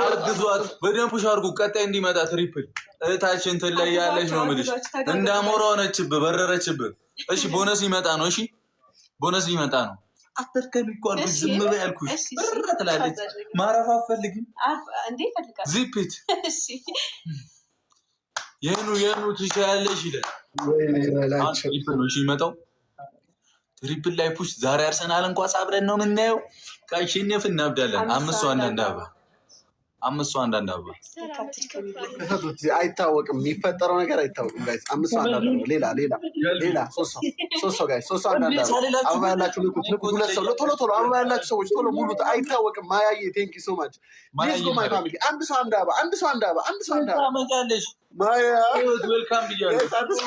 አርግዟት በደንብ ሻርጉ ቀጣይ እንዲመጣ ትሪፕል እህታችን ትለያለች ነው የምልሽ። እንዳሞራ ሆነችብህ በረረችብህ። እሺ ቦነስ ሊመጣ ነው። እሺ ቦነስ ሊመጣ ነው። አትርከም እኮ አልኩሽ፣ ዝም በይ አልኩሽ። ብር ትላለች። ማረፍ አትፈልግም እንዴ? ፈልጋለሁ። ዚፒት የኑ የኑ ትችያለሽ ይላል። ትሪፕል ነው ይመጣው። ትሪፕል ላይ ፑሽ ዛሬ አርሰናል እንኳ አብረን ነው የምናየው። ካሸነፍን እናብዳለን። አምስት ዋና እንዳባ አምስቱ አንዳንድ አበባ አይታወቅም። የሚፈጠረው ነገር አይታወቅም። ጋይስ አምስቱ አንዳንድ አበባ ሌላ ሌላ ሌላ ሶስት ሰው ጋይስ ሶስት ሰው አንዳንድ አበባ አበባ ያላችሁ ልኩት ልኩት። ሁለት ሰው ቶሎ ቶሎ አበባ ያላችሁ ሰዎች ቶሎ ሙሉት። አይታወቅም። ቴንክ ዩ ሶ ማች ዲስኮ ማይ ፋሚሊ። አንድ ሰው አንድ አበባ አንድ ሰው አንድ አበባ አንድ ሰው አንድ አበባ ማያ ወልካም ብያለሁ።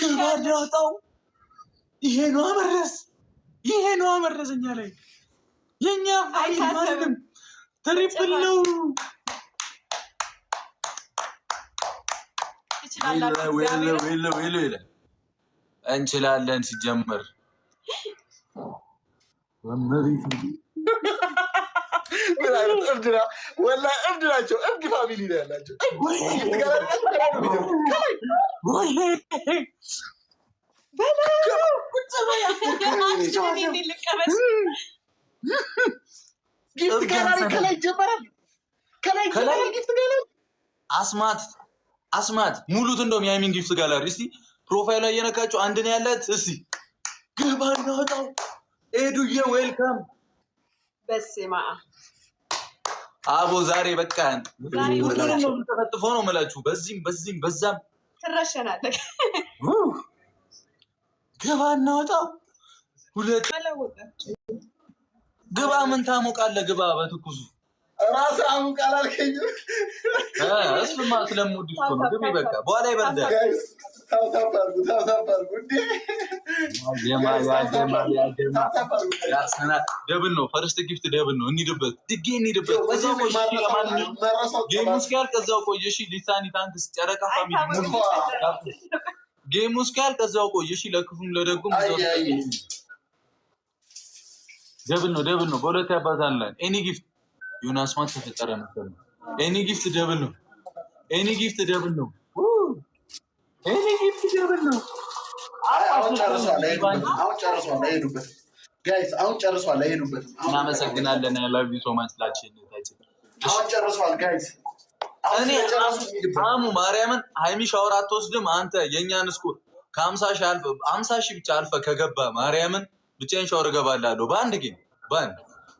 ግንባር ይሄ ነው መረስ፣ ይሄ ነው መረስ። ላይ የኛ አይታሰብም። ትሪፕል ነው እንችላለን ሲጀምር ወላሂ እብድ ናቸው። እብድ ፋሚሊ ነው ያላቸው። ጊፍት ጋላሪ ከላይ ይጀመራል። ከላይ ይጀመራል። ጊፍት ጋላሪ አስማት አስማት ሙሉት። እንደውም የሃይሚን ጊፍት ጋላሪ እስቲ ፕሮፋይሏ እየነካችሁ አንድ ያላት። እስቲ ግባ እናውጣው። ኤዱዬ ዌልካም በስማ አቦ ዛሬ በቃ ተፈጥፎ ነው የምላችሁ። በዚህም በዚህም በዛም ትረሸናለህ። ግባ እናወጣው። ሁለት ግባ። ምን ታሞቃለህ? ግባ በትኩሱ ራስ አሞቃል አልከኝ። እሱማ ስለምወድ ነው። ግቢ በቃ በኋላ ይበርዳል። ደብን ነው። ፈርስት ጊፍት ደብን ነው። እንሂድበት ድጌ እንሂድበት። ጌሙ እስኪያልቅ እዛው ቆይ። እሺ ሊሳኒ ታንክስ ጨረቃ ፋሚሊ ጌሙ እስኪያልቅ እዛው ቆይ። እሺ ለክፉም ለደጉም ነው። ነው። በሁለት ያባዛለን። ኤኒ ጊፍት ዮናስ ተፈጠረ ኤኒ ጊፍት ነው። ኤኒ ጊፍት ነው። አሁን ጨርሷል፣ አይሄዱበትም። እናመሰግናለን። ላቪ ሶማች ላችንታችን አሁን ጨርሷል ጋይስ አሙ ማርያምን ሀይሚ ሻወር አትወስድም። አንተ የእኛን ስኩር ከሀምሳ ሺህ አልፈ ሀምሳ ሺህ ብቻ አልፈ ከገባ ማርያምን ብቻዬን ሻወር እገባላለሁ። በአንድ ጌም በአንድ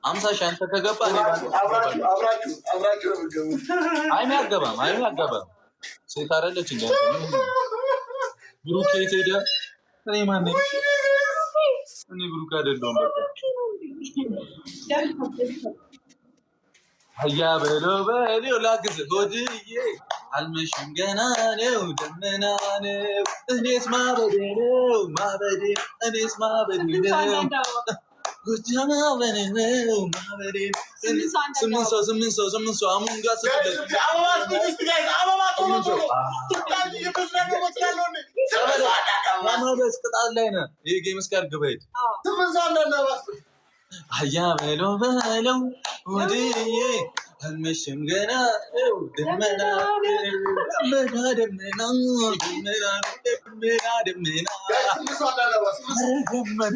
ሀምሳ ሺህ አንተ ከገባ ሀይሚ አገባም ሀይሚ አገባም ሴት አደለች እ ብሩክ የት ሄደ? እኔ ማን ነኝ? እኔ ብሩክ አይደለሁም። አያ በለው በለው ላግዝ ሆድዬ አልመሽም ገና ነው ደመና ነው እኔስ ማበዴ ነው ማበዴ እኔስ ማበዴ ነው Gocana veneno, maverim. Semenso, semenso, semenso, amunga, semenso. Ama bak, bu guys, ama bak, onu bunu. Tuktan diye kızlar mı mutlar onu? Semenso, ama da sıkıntı alayına. İyi games kar gibi. Semenso, ama bak. Hayya velo velo, hodiye. Ölmüşüm gene, demena, demena, demena, demena, demena, demena, demena. Gel, semenso, ama bak.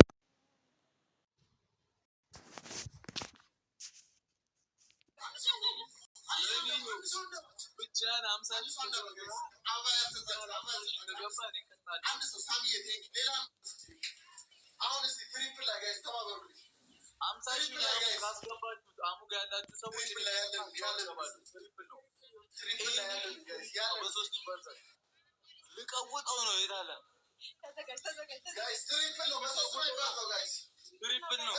ልቀውጠው ነው የታለ? ትሪፕል ነው።